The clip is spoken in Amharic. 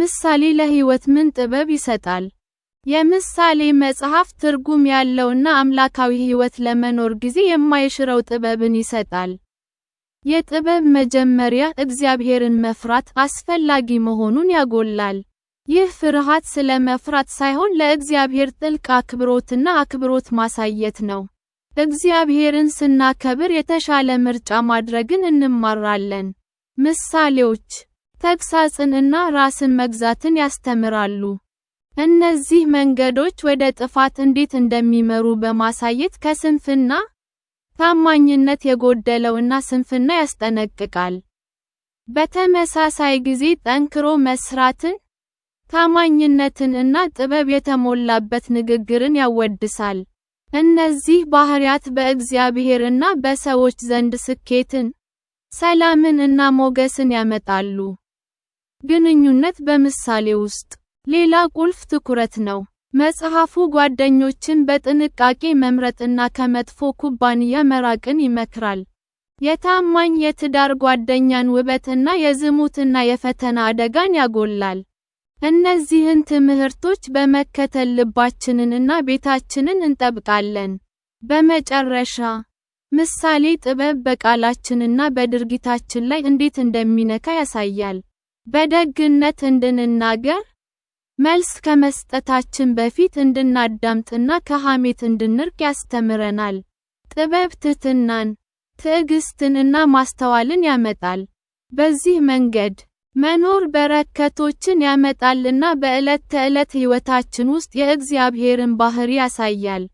ምሳሌ ለሕይወት ምን ጥበብ ይሰጣል? የምሳሌ መጽሐፍ ትርጉም ያለውና አምላካዊ ሕይወት ለመኖር ጊዜ የማይሽረው ጥበብን ይሰጣል። የጥበብ መጀመሪያ እግዚአብሔርን መፍራት አስፈላጊ መሆኑን ያጎላል። ይህ ፍርሃት ስለ መፍራት ሳይሆን ለእግዚአብሔር ጥልቅ አክብሮትና አክብሮት ማሳየት ነው። እግዚአብሔርን ስናከብር የተሻለ ምርጫ ማድረግን እንማራለን። ምሳሌዎች እና ራስን መግዛትን ያስተምራሉ። እነዚህ መንገዶች ወደ ጥፋት እንዴት እንደሚመሩ በማሳየት ከስንፍና፣ ታማኝነት የጎደለውና ስንፍና ያስጠነቅቃል። በተመሳሳይ ጊዜ ጠንክሮ መስራትን፣ ታማኝነትን እና ጥበብ የተሞላበት ንግግርን ያወድሳል። እነዚህ ባህሪያት በእግዚአብሔር እና በሰዎች ዘንድ ስኬትን፣ ሰላምን እና ሞገስን ያመጣሉ። ግንኙነት በምሳሌ ውስጥ ሌላ ቁልፍ ትኩረት ነው። መጽሐፉ ጓደኞችን በጥንቃቄ መምረጥና ከመጥፎ ኩባንያ መራቅን ይመክራል። የታማኝ የትዳር ጓደኛን ውበትና የዝሙትና የፈተና አደጋን ያጎላል። እነዚህን ትምህርቶች በመከተል ልባችንንና ቤታችንን እንጠብቃለን። በመጨረሻ፣ ምሳሌ ጥበብ በቃላችንና በድርጊታችን ላይ እንዴት እንደሚነካ ያሳያል። በደግነት እንድንናገር፣ መልስ ከመስጠታችን በፊት እንድናዳምጥና ከሐሜት እንድንርቅ ያስተምረናል። ጥበብ ትሕትናን፣ ትዕግሥትንና ማስተዋልን ያመጣል። በዚህ መንገድ መኖር በረከቶችን ያመጣልና በዕለት ተዕለት ሕይወታችን ውስጥ የእግዚአብሔርን ባሕርይ ያሳያል።